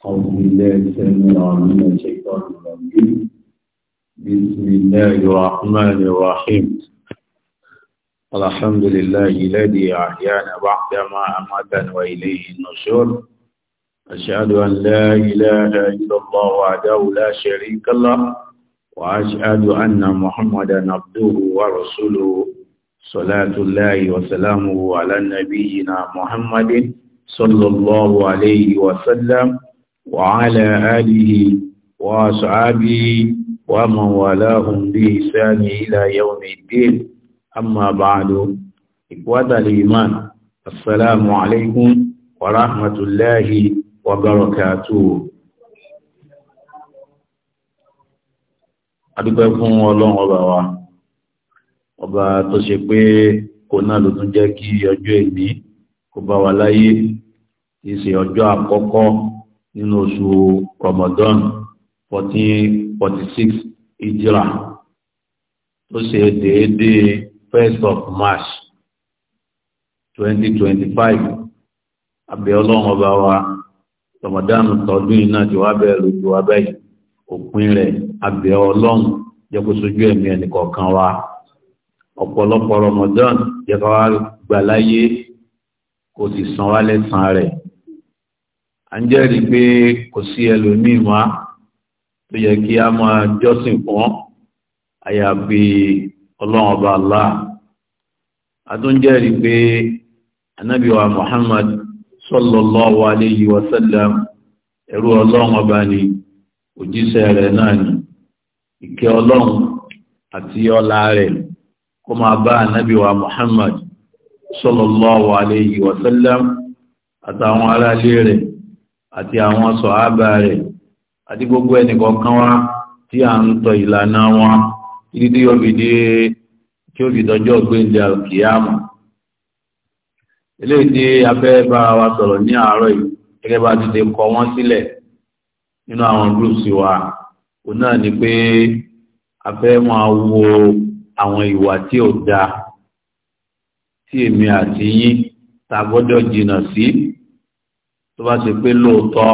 أعوذ بالله السميع العليم من الشيطان الرجيم بسم الله الرحمن الرحيم الحمد لله الذي أحيانا بعدما أماتنا وإليه النشور أشهد أن لا إله إلا الله وحده لا شريك له وأشهد أن محمدا عبده ورسوله صلاة الله وسلامه على نبينا محمد صلى الله عليه وسلم وعلى آله وأصحابه ومن wa بإحسان إلى يوم الدين أما بعد إخوة الإيمان السلام عليكم ورحمة الله وبركاته adúpẹ́ fún ọlọ́run ọba wa ọba tó ṣe pé kò náà ló tún jẹ́ kí ọjọ́ èní kó bá wa láyé kì ọjọ́ àkọ́kọ́ nínú oṣù Ramadan 1446 Hijra tó ṣe déédéé 1st of March 2025 abẹ́ ọlọ́run ọba wa Ramadan tọdún iná jù wá bẹ́ẹ̀ lójú wa báyìí òpin rẹ̀ abẹ́ ọlọ́run jẹ́ kó sojú ẹ̀mí ẹnìkọ̀ọ̀kan wa ọ̀pọ̀lọpọ̀ Ramadan jẹ́ ká wá gbà láyé kó sì san wá lẹ́san rẹ̀ a ń jẹ́rìí pé kò sí ẹlòmíì wá tó yẹ kí a máa jọ́sìn fún àyàfi ọlọ́run ọba Allah a pé ànábì wa Muhammad sallallahu alayhi wa sallam ẹrú ọlọ́run ọba ni òjíṣẹ́ rẹ̀ náà ni ìkẹ́ ọlọ́run àti ọlá rẹ̀ kó máa bá ànábì wa Muhammad sallallahu alayhi wa sallam àtàwọn aráalé rẹ̀ àti àwọn sọ̀hábà rẹ̀ àti gbogbo ẹnìkọ̀ọ̀kan wa tí a ń tọ ìlànà wọn títí tí yóò fi dé tí ó fi dọjọ́ gbéǹde àkìyàmù eléyìí tí a bá wa sọ̀rọ̀ ní àárọ̀ yìí gẹ́gẹ́ bá ti ṣe kọ wọ́n sílẹ̀ nínú àwọn groups wa òun náà ni pé a fẹ́ máa wo àwọn ìwà tí ò dáa tí èmi àti yín ta gbọ́dọ̀ jìnnà sí tó bá ṣe pé lóòótọ́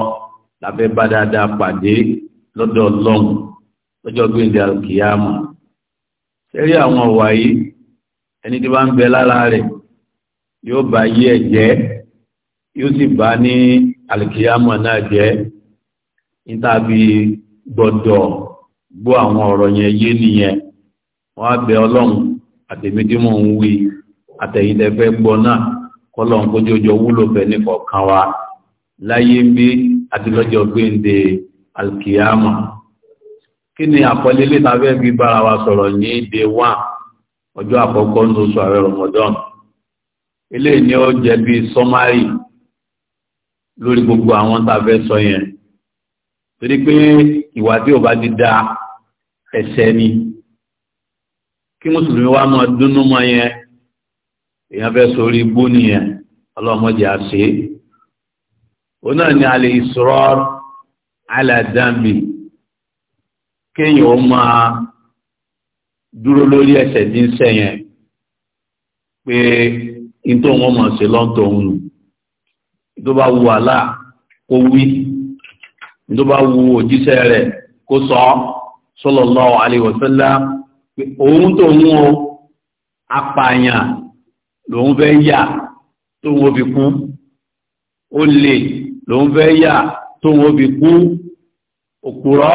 lábẹ́ bá dáadáa pàdé lọ́dọ̀ ọlọ́run lọ́jọ́ gbéǹde àkìyàmù sẹ́rí àwọn ọ̀wà yìí ẹni tí bá ń bẹ lára rẹ̀ yóò bá yí ẹ̀ jẹ́ yóò sì bá ní àlìkìyàmù náà jẹ́ nítàbí gbọ́dọ̀ gbọ́ àwọn ọ̀rọ̀ yẹn yé nìyẹn wọ́n á bẹ ọlọ́run àtẹ̀mídímọ̀ ń wí àtẹ̀yìndẹ̀fẹ́ gbọ́ náà kọ́lọ́run kójú ọjọ́ wúlò fẹ́ nífọ̀ọ́kan wa láyé ń bí àti lọ́jọ́ gbéǹde alkiyama kí ni àkọlé léta fẹ́ fi bára wa sọ̀rọ̀ ní day one ọjọ́ àkọ́kọ́ ní oṣù ààrẹ Ramadan eléyìí ni ó jẹ́ bí sọ́márì lórí gbogbo àwọn tá a fẹ́ sọ yẹn torí pé ìwà tí ò bá ti da ẹ̀ṣẹ̀ ni kí mùsùlùmí wa máa dúnnú mọ́ yẹn èèyàn fẹ́ sórí ibú nìyẹn ọlọ́mọdé àṣẹ òun náà ni al ala kéèyàn ó máa dúró lórí ẹsẹ̀ tí ń ṣẹ̀ pé nítorí wọn mọ̀ sí lọ́tọ̀ òun nù bá wu kó wí bá wu òjíṣẹ́ rẹ̀ sọ sallallahu alaihi wasallam pé òun tó ń wo apààyàn lòun fẹ́ yà tó ló ń fẹ́ yà tó wọ́n fi kú òpùrọ́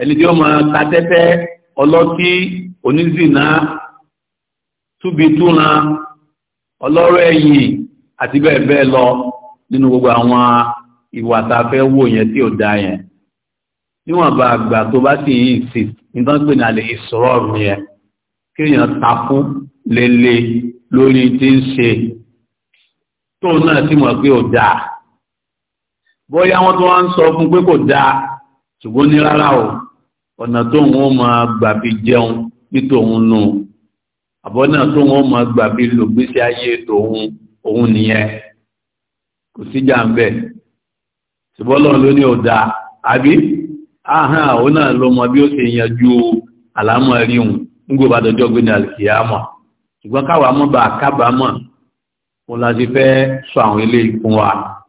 ẹni tí ó máa ta tẹ́tẹ́ ọlọ́tí onízìnà túbitúna ọlọ́rọ̀ ẹ̀yìn àti bẹ́ẹ̀ bẹ́ẹ̀ lọ nínú gbogbo àwọn ìwà tá a fẹ́ wò yẹn tí ò da yẹn níwọ̀n bá àgbà tó bá sì yí ìsì nǹkan pè ní àlè ìsọ̀rọ̀rù yẹn kí èèyàn takú lélẹ̀ lórí tí ń ṣe tóun náà sì mọ̀ pé ò dáa bóyá wọ́n tó wá ń sọ fún pé kò dáa ṣùgbọ́n ní rárá o ọ̀nà tóun ó máa gbà fi jẹun ní tòun nù àbọ̀nà tóun ó máa gbà fi lò gbèsè ayé tòun òun nìyẹn kò síjà ń bẹ̀ ṣùgbọ́n lọ́run ló ní ò dáa àbí ahán àwọn náà ló mọ bí ó ṣe yanjú àlámọ̀ rí òun nígbò dọjọ́ gbé ní àlìkìyàmọ̀ ṣùgbọ́n káwa mọ́ bá kábàámọ̀ òun la ti fẹ́ sọ àwọn ilé ìkún wa.